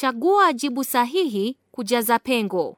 Chagua jibu sahihi kujaza pengo.